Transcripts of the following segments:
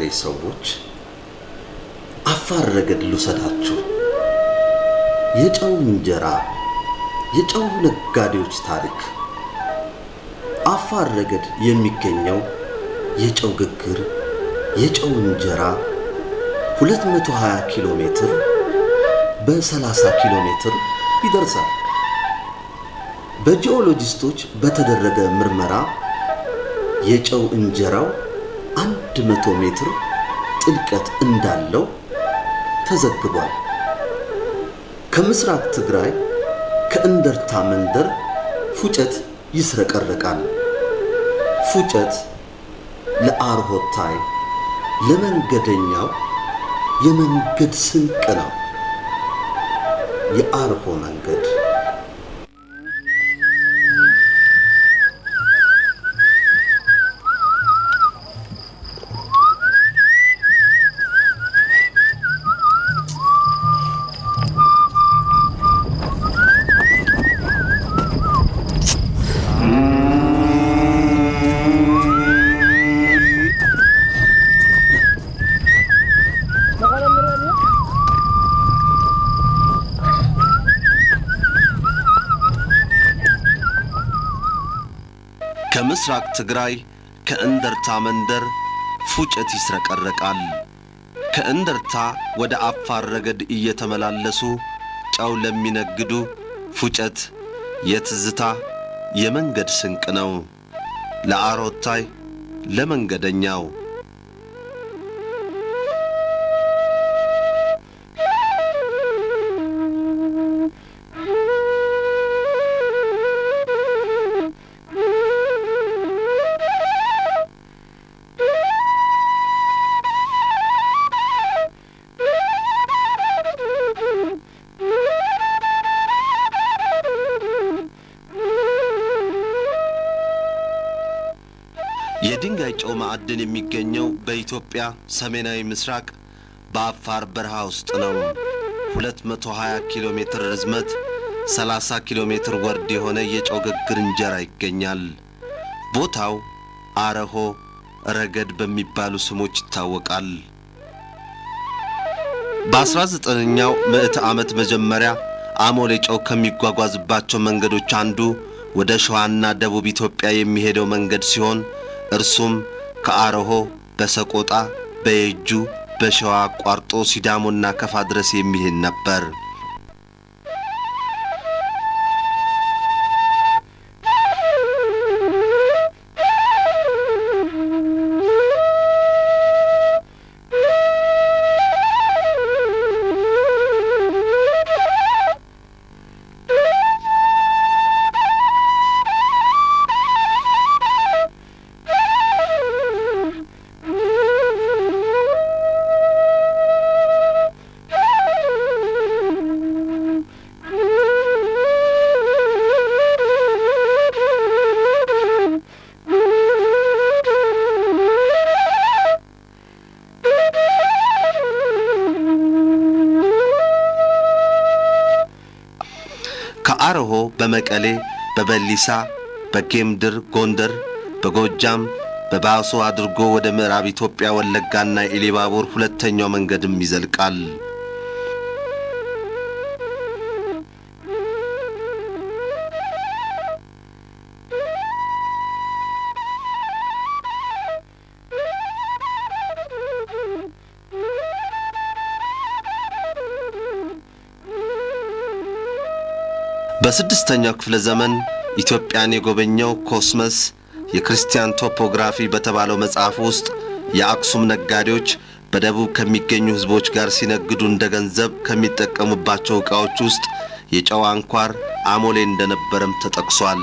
ሀገሬ ሰዎች አፋር ረገድ ልውሰዳችሁ። የጨው እንጀራ፣ የጨው ነጋዴዎች ታሪክ። አፋር ረገድ የሚገኘው የጨው ግግር፣ የጨው እንጀራ 220 ኪሎ ሜትር በ30 ኪሎ ሜትር ይደርሳል። በጂኦሎጂስቶች በተደረገ ምርመራ የጨው እንጀራው አንድ መቶ ሜትር ጥልቀት እንዳለው ተዘግቧል። ከምስራቅ ትግራይ ከእንደርታ መንደር ፉጨት ይስረቀረቃል። ፉጨት ለአርሆታይ ለመንገደኛው የመንገድ ስንቅ ነው። የአርሆ መንገድ ምስራቅ ትግራይ ከእንደርታ መንደር ፉጨት ይስረቀረቃል። ከእንደርታ ወደ አፋር ረገድ እየተመላለሱ ጨው ለሚነግዱ ፉጨት የትዝታ የመንገድ ስንቅ ነው፣ ለአሮታይ ለመንገደኛው ማዕድን የሚገኘው በኢትዮጵያ ሰሜናዊ ምስራቅ በአፋር በረሃ ውስጥ ነው። 220 ኪሎ ሜትር ርዝመት፣ 30 ኪሎ ሜትር ወርድ የሆነ የጨው ግግር እንጀራ ይገኛል። ቦታው አረሆ ረገድ በሚባሉ ስሞች ይታወቃል። በ19ኛው ምዕተ ዓመት መጀመሪያ አሞሌ ጨው ከሚጓጓዝባቸው መንገዶች አንዱ ወደ ሸዋና ደቡብ ኢትዮጵያ የሚሄደው መንገድ ሲሆን እርሱም ከአረሆ በሰቆጣ በየጁ በሸዋ አቋርጦ ሲዳሞና ከፋ ድረስ የሚሄድ ነበር። በመቀሌ፣ በበሊሳ፣ በጌምድር ጎንደር፣ በጎጃም፣ በባሶ አድርጎ ወደ ምዕራብ ኢትዮጵያ ወለጋና ኢሊባቡር ሁለተኛው መንገድም ይዘልቃል። በስድስተኛው ክፍለ ዘመን ኢትዮጵያን የጎበኘው ኮስመስ የክርስቲያን ቶፖግራፊ በተባለው መጽሐፍ ውስጥ የአክሱም ነጋዴዎች በደቡብ ከሚገኙ ሕዝቦች ጋር ሲነግዱ እንደ ገንዘብ ከሚጠቀሙባቸው ዕቃዎች ውስጥ የጨው አንኳር አሞሌ እንደነበረም ተጠቅሷል።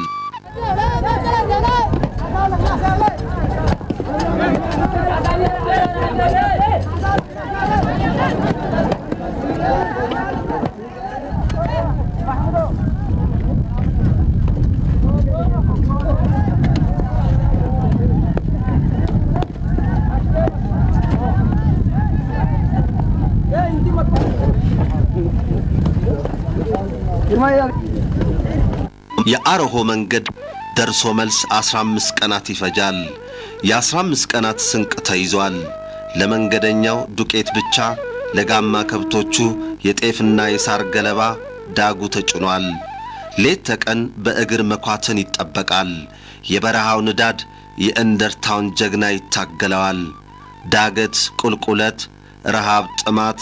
የአረሆ መንገድ ደርሶ መልስ 15 ቀናት ይፈጃል። የ15 ቀናት ስንቅ ተይዟል። ለመንገደኛው ዱቄት ብቻ፣ ለጋማ ከብቶቹ የጤፍና የሳር ገለባ ዳጉ ተጭኗል። ሌት ተቀን በእግር መኳተን ይጠበቃል። የበረሃው ንዳድ የእንደርታውን ጀግና ይታገለዋል። ዳገት፣ ቁልቁለት፣ ረሃብ፣ ጥማት፣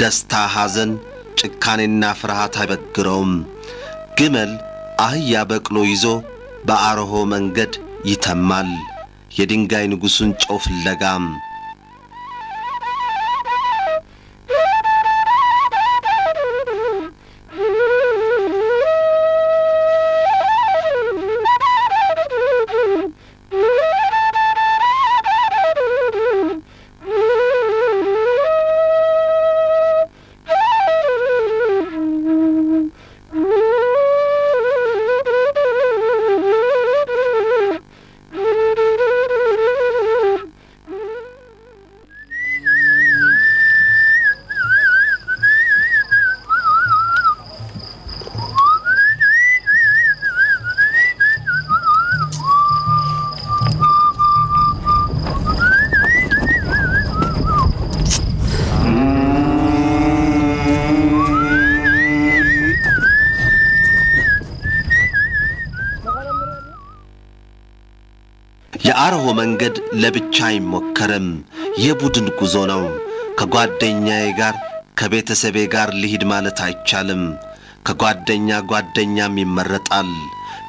ደስታ፣ ሐዘን ጭካኔና ፍርሃት አይበግረውም። ግመል አህያ በቅሎ ይዞ በአርሆ መንገድ ይተማል የድንጋይ ንጉሡን ጨው ፍለጋም የአርሆ መንገድ ለብቻ አይሞከርም። የቡድን ጉዞ ነው። ከጓደኛዬ ጋር ከቤተሰቤ ጋር ልሂድ ማለት አይቻልም። ከጓደኛ ጓደኛም ይመረጣል፣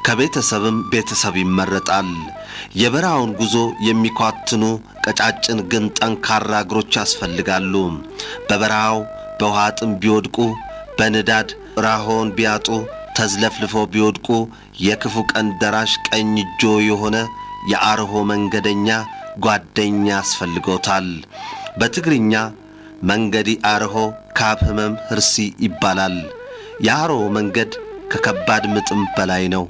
ከቤተሰብም ቤተሰብ ይመረጣል። የበረሃውን ጉዞ የሚኳትኑ ቀጫጭን ግን ጠንካራ እግሮች ያስፈልጋሉ። በበረሃው በውሃ ጥም ቢወድቁ፣ በንዳድ ራሆን ቢያጡ፣ ተዝለፍልፈው ቢወድቁ የክፉ ቀን ደራሽ ቀኝ እጆ የሆነ የአርሆ መንገደኛ ጓደኛ አስፈልጎታል። በትግርኛ መንገዲ አርሆ ካብ ህመም ህርሲ ይባላል። የአርሆ መንገድ ከከባድ ምጥም በላይ ነው።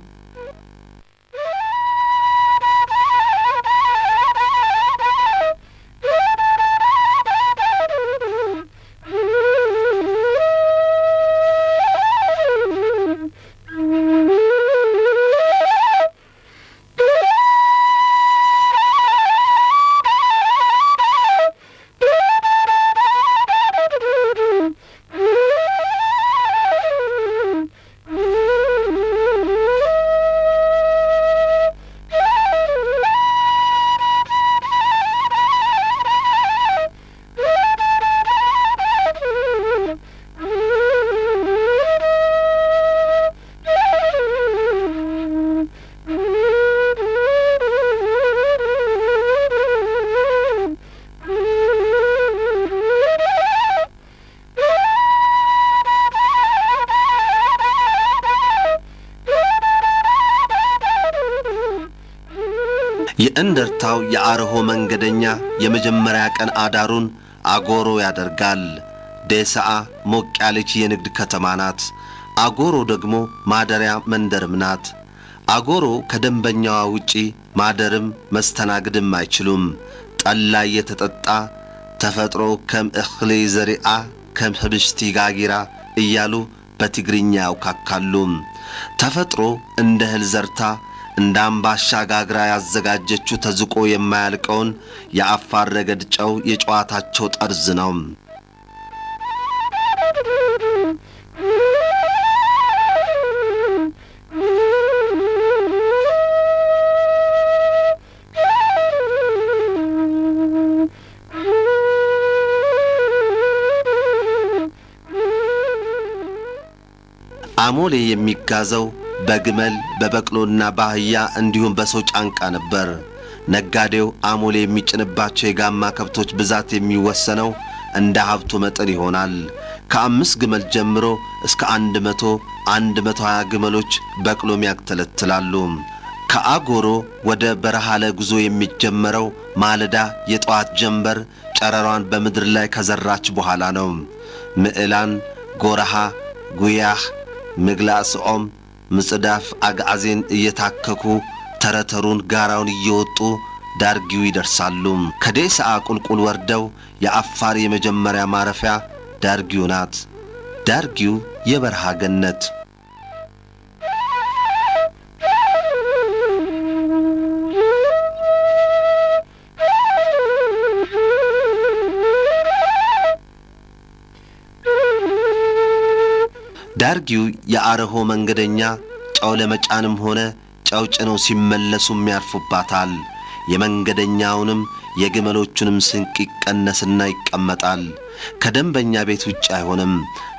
እንደርታው የአርሆ መንገደኛ የመጀመሪያ ቀን አዳሩን አጎሮ ያደርጋል። ደሳአ ሞቅ ያለች የንግድ ከተማ ናት። አጎሮ ደግሞ ማደሪያ መንደርም ናት። አጎሮ ከደንበኛዋ ውጪ ማደርም መስተናግድም አይችሉም። ጠላ እየተጠጣ ተፈጥሮ ከም እኽሊ ዘሪአ ከም ህብሽቲ ጋጊራ እያሉ በትግርኛ ያውካካሉ። ተፈጥሮ እንደ እህል ዘርታ እንደ አምባሻ ጋግራ ያዘጋጀችው ተዝቆ የማያልቀውን የአፋር ረገድ ጨው የጨዋታቸው ጠርዝ ነው። አሞሌ የሚጋዘው በግመል በበቅሎና በአህያ እንዲሁም በሰው ጫንቃ ነበር። ነጋዴው አሞሌ የሚጭንባቸው የጋማ ከብቶች ብዛት የሚወሰነው እንደ ሀብቱ መጠን ይሆናል። ከአምስት ግመል ጀምሮ እስከ አንድ መቶ አንድ መቶ ሀያ ግመሎች በቅሎም ያክተለትላሉ። ከአጎሮ ወደ በረሃ ጉዞ የሚጀመረው ማለዳ የጠዋት ጀንበር ጨረሯን በምድር ላይ ከዘራች በኋላ ነው። ምዕላን፣ ጎረሃ፣ ጉያህ፣ ምግላስኦም ምጽዳፍ አግዓዜን እየታከኩ ተረተሩን ጋራውን እየወጡ ዳርጊው ይደርሳሉ። ከዴሳ ቁልቁል ወርደው የአፋር የመጀመሪያ ማረፊያ ዳርጊው ናት። ዳርጊው የበረሃ ገነት ዳርጊው የአረሆ መንገደኛ ጨው ለመጫንም ሆነ ጨው ጭነው ሲመለሱም ያርፉባታል። የመንገደኛውንም የግመሎቹንም ስንቅ ይቀነስና ይቀመጣል። ከደንበኛ ቤት ውጭ አይሆንም።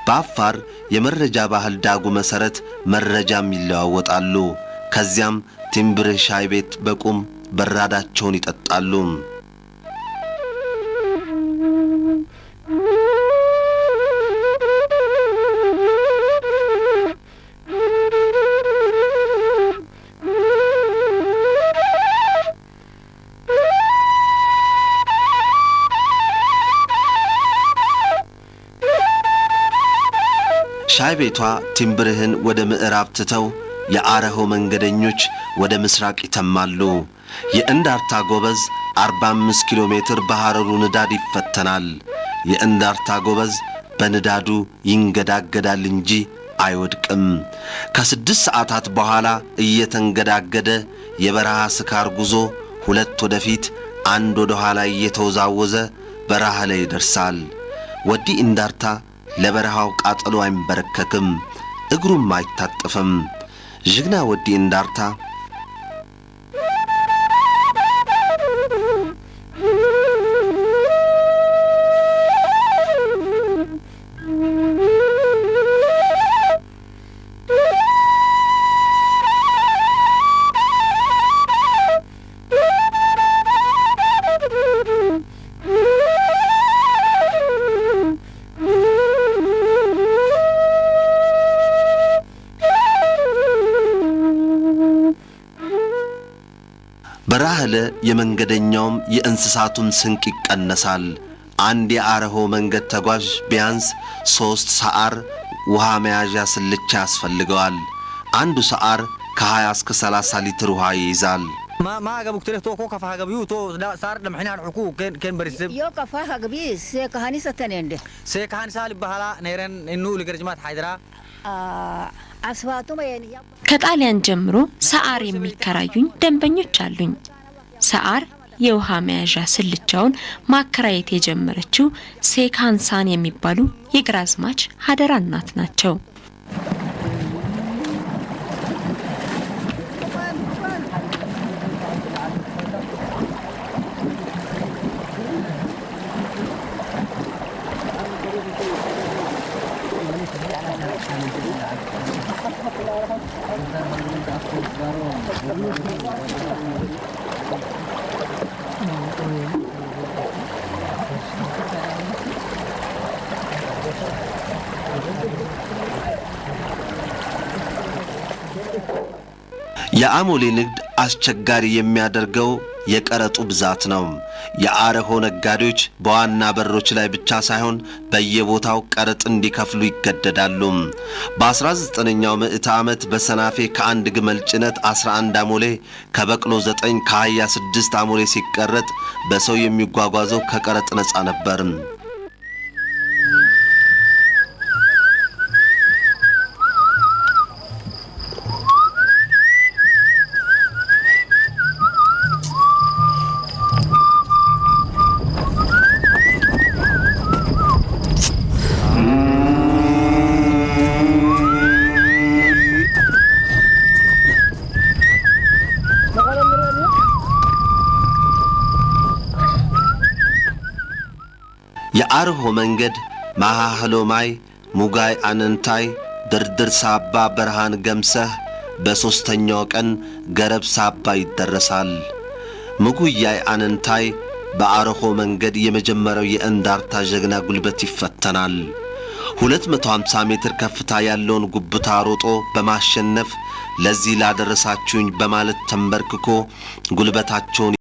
በአፋር የመረጃ ባህል ዳጉ መሠረት መረጃም ይለዋወጣሉ። ከዚያም ቲምብር ሻይ ቤት በቁም በራዳቸውን ይጠጣሉ። ሻይ ቤቷ ቲምብርህን ወደ ምዕራብ ትተው የአረሆ መንገደኞች ወደ ምሥራቅ ይተማሉ። የእንዳርታ ጎበዝ አርባ አምስት ኪሎ ሜትር በሐረሩ ንዳድ ይፈተናል። የእንዳርታ ጎበዝ በንዳዱ ይንገዳገዳል እንጂ አይወድቅም። ከስድስት ሰዓታት በኋላ እየተንገዳገደ የበረሃ ስካር ጉዞ ሁለት ወደፊት አንድ ወደ ኋላ እየተወዛወዘ በረሃ ላይ ይደርሳል። ወዲ እንዳርታ ለበረሃው ቃጠሎ አይንበረከክም፣ እግሩም አይታጠፍም። ጅግና ወዲ እንዳርታ በተተከለ የመንገደኛውም የእንስሳቱም ስንቅ ይቀነሳል። አንድ የአረሆ መንገድ ተጓዥ ቢያንስ ሦስት ሰዓር ውሃ መያዣ ስልቻ ያስፈልገዋል። አንዱ ሰዓር ከ20 እስከ 30 ሊትር ውሃ ይይዛል። ከጣሊያን ጀምሮ ሰዓር የሚከራዩኝ ደንበኞች አሉኝ። ሰአር የውሃ መያዣ ስልቻውን ማከራየት የጀመረችው ሴካንሳን የሚባሉ የግራዝማች ሀደራ እናት ናቸው። የአሞሌ ንግድ አስቸጋሪ የሚያደርገው የቀረጡ ብዛት ነው። የአረሆ ነጋዴዎች በዋና በሮች ላይ ብቻ ሳይሆን በየቦታው ቀረጥ እንዲከፍሉ ይገደዳሉ። በ19ኛው ምዕተ ዓመት በሰናፌ ከአንድ ግመል ጭነት 11 አሞሌ ከበቅሎ 9 ከአህያ 6 አሞሌ ሲቀረጥ በሰው የሚጓጓዘው ከቀረጥ ነፃ ነበር። የአርሆ መንገድ ማይ ሙጋይ አነንታይ ድርድር ሳባ በርሃን ገምሰህ በሦስተኛው ቀን ገረብ ሳባ ይደረሳል። ምጉያይ አነንታይ በአርሆ መንገድ የመጀመሪያው የእንዳርታ ጀግና ጉልበት ይፈተናል። 250 ሜትር ከፍታ ያለውን ጉብታ ሮጦ በማሸነፍ ለዚህ ላደረሳችሁኝ በማለት ተንበርክኮ ጉልበታቸውን